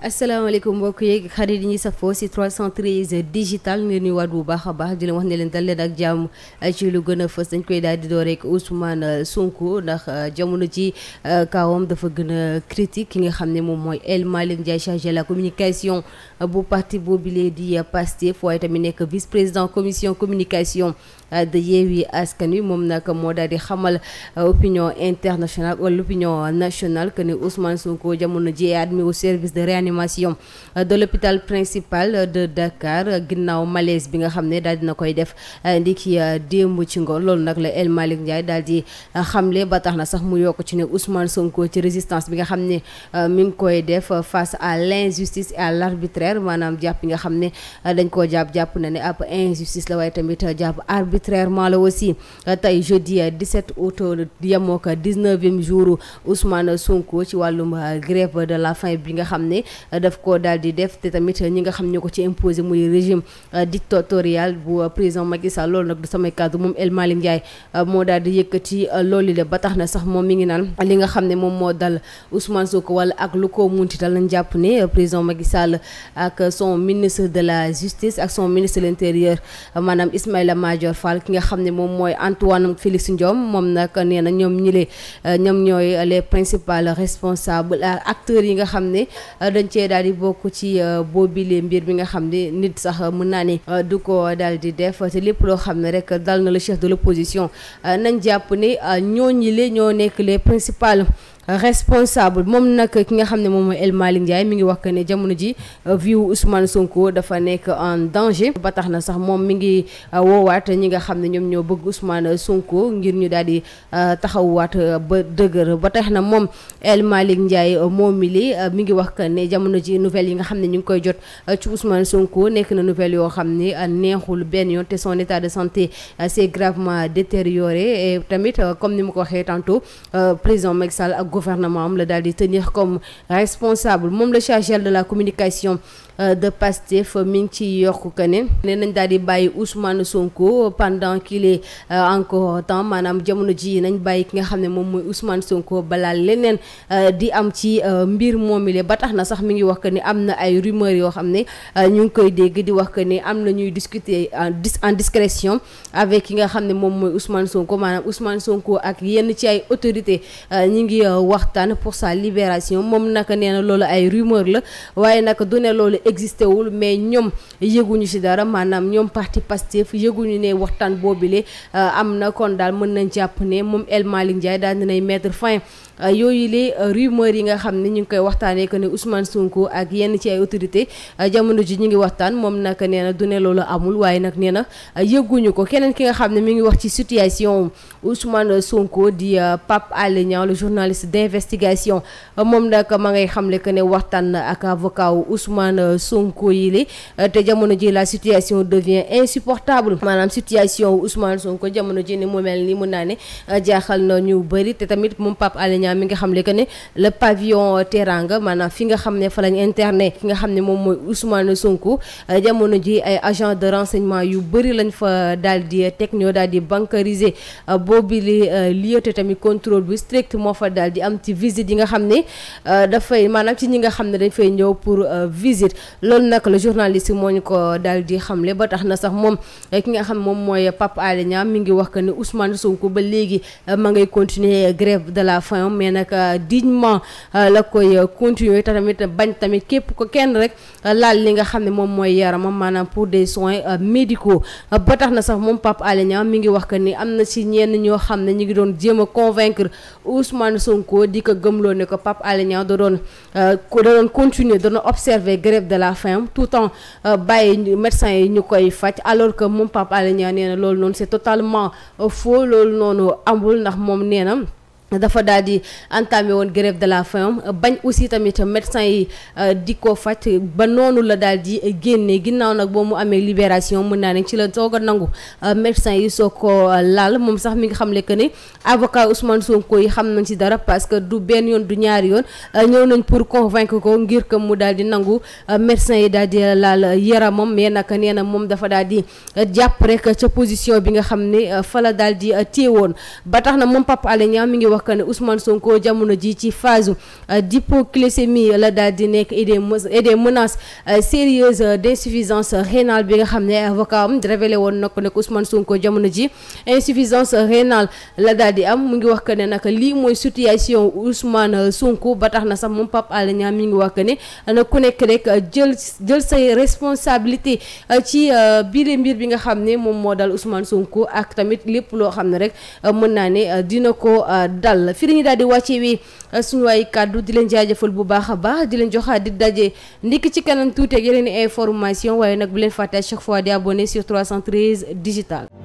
asalaamaaleykum mbokk yeeg xarit yi ñuy safoo si 313 digital ngeen ñu waat bu baax a baax di leen wax ne leen dal leen ak jàmm ci lu gën a fës dañ koy daal di door rek Ousmane Sonko ndax euh, jamono ci euh, kawam dafa gën a critique ki nga xam ne moom mooy El Malick Ndiaye chargé la communication bu parti boobile di Pastef waaye tamit nekk vice président commission communication euh, de Yewwi Askan Wi moom nag moo daal di xamal opinion internationale wala l'opinion nationale que ne Ousmane Sonko jamono ji admis au service de réanimation euh, de l'hôpital principal euh, de Dakar euh, ginnaaw malaise bi nga xam ne daal dina koy def ndiki démb ci ngoon loolu nag la El Malick Ndiaye daal di xamle ba tax na sax mu yokk ci ne Ousmane Sonko ci résistance bi nga xam ne mi ngi koy def face à l'injustice et à l'arbitraire maanaam jàpp nga xam ne dañ koo jàpp jàpp na ne ab injustice la waaye tamit jàpp arbitrairement la aussi tey jeudi 17 août yemoo ko 19e jour Ousmane Sonko ci wàllum grève de la faim bi nga xam ne daf ko daal di def te tamit ñi nga xam ñoo ko ci imposé muy régime euh, dictatorial bu euh, président Macky Sall loolu nag du samay kàddu moom El Malick euh, moo daal di yëkkati loolu le ba tax na sax moom mi ngi naan li nga xam ne moom de la justice ak son ministre de l'intérieur maanaam Ismaïla Madior Fall ki nga xam ne moom mooy Antoine Félix Ndiome moom nag nee ñoom ñi lee ñoom ñooy les principaux responsables acteurs yi nga xam ne dañ cee daal di bokk ci euh, boobile mbir bi nga xam ne nit sax mën naa ne euh, du ko daal di def si lépp loo xam ne rek dal na le chef de l'opposition euh, nañ jàpp ni ñooñu le ñoo nekk les principales responsable moom nag ki nga xam ne moom mooy El Malick Ndiaye mi ngi wax que ne jamono ji euh, viwu Ousmane Sonko dafa nekk en danger ba tax na sax moom mi ngi euh, woowaat ñi nga xam ne ñoom ñoo bëgg Ousmane Sonko ngir ñu daal di euh, taxawwaat ba dëgër ba tax na moom El Malick Ndiaye moom mi li mi ngi wax que ne jamono ji nouvelles yi nga xam ne ñu ngi koy jot ci Ousmane Sonko nekk na nouvelle yoo xam ne neexul benn yoon te son état de santé s'est gravement détérioré et tamit comme ni ma ko waxee tantôt président Macky gouvernement am la daal di tenir comme responsable moom la chargé de la communication euh, de Pastef mi ngi ci yokk que ne nee nañ daal di bàyyi Ousmane Sonko pendant qu'il est euh, encore temps maanaam jamono ji nañ bàyyi ki nga xam ne moom mooy Ousmane Sonko balaa leneen euh, di am ci mbir moom moomile ba tax na sax mi ngi wax que ni am na ay rumeurs yoo xam ne ñu ngi koy dégg di wax que ni am na ñuy discuter en dis en discrétion avec ki nga xam ne moom mooy Ousmane Sonko maanaam waxtaan pour sa libération moom naka nee na loolu ay rumeur la waaye nag du ne loolu existé wul mais ñoom yëguñu ci dara maanaam ñoom parti Pastef yëguñu ne waxtaan boobile euh, am na kon daal mën nañ jàpp ne moom El Malick Ndiaye daal dinay mettre fin Euh, yooyu les euh, rumeurs yi nga xam ne ñu ngi koy waxtaanee que ne Ousmane Sonko ak yenn ci autorité euh, jamono ji ñu ngi waxtaan moom nag nee na du ne loolu amul waaye nag nee na yëguñu ko keneen ki nga xam ne mi ngi wax ci situation Ousmane Sonko di Pape Alé Niang le journaliste d'investigation moom nag ma ngay xamle que ne waxtaan ak avocat wu Ousmane Sonko yi li te jamono ji la situation devient insupportable maanaam situation Ousmane Sonko jamono ji ni mu mel ni mun naa ne jaaxal Niang mi nga xam ne que ne le pavillon euh, Teranga maanaam fi nga xam ne fa lañ internet ki nga xam ne moom mooy Ousmane Sonko euh, jamono ji ay agent de renseignement yu bëri lañ fa euh, daal di teg daal di bancariser boobu li liyote tamit contrôle bu strict moo fa daal di am ci visite yi nga xam ne dafay maanaam ci ñi nga xam ne dañ fay ñëw pour visite loolu nag le journaliste moo ñu ko daal di xamle ba tax na sax moom ki nga xam moom mooy Pape Alé léegi ma ngay continuer grève de la faim mais nag euh, dignement euh, la koy euh, continuer te tamit bañ tamit képp ko kenn rek laal li nga xam ne moom mooy yaramam maanaam pour des soin médicaux ba tax na sax moom Pape Alé mi ngi wax que ni am na ci ñenn ñoo xam ne ñu ngi doon jéem a convaincre Ousmane Sonko di ko gëmloo ne ko Pape Alé Niang da doon da doon continuer da doon observer grève de la faim tout temps bàyyi médecins yi ñu koy faj alors que moom Pape Alé Niang nee na loolu noonu c'est totalement foo loolu noonu amul ndax moom nee dafa daal di entamé woon grève de la faim bañ aussi tamit médecin yi euh, di ko faj ba noonu la daal di génne ginnaaw nag boo mu amee libération mun naa ne ci la soog a nangu euh, médecin yi soo ko euh, laal moom sax mi ngi xam ne que ne avocat Ousmane Sonko yi xam nañ ci dara parce que du benn yoon du ñaari yoon ñëw nañ pour convaincre ko ngir ko mu daal di nangu médecin yi daal di laal yaramam mais nag nee na moom dafa daal di jàpp rek ca position bi nga xam ne fa la daal di téewoon ba wax que ne Ousmane Sonko jamono ji euh, la daal di nekk et des et des menaces euh, sérieuses euh, d'insuffisance rénale nga xam ne avocat am révélé woon na ko ne Ousmane Sonko jamono ji insuffisance rénale la daal di am mu ngi wax que ne nag lii mooy situation Ousmane sunk ba tax na sax moom Pape Alé Niang mi ngi wax que ne na ku nekk rek jël jël say responsabilité ci biir mbir bi nga xam ne moom moo dal Ousmane Sonko ak tamit lépp loo xam ne rek mën naa ne dina ko dal fi dañuy daal di wàcce wi eh, suñu waay kàddu di leen jaajëfal bu baax a baax di leen joxaat di daje ndikk ci kanam tuuti ak yeneen information waaye nag bu leen fàtte à chaque fois di abonné sur 313 digital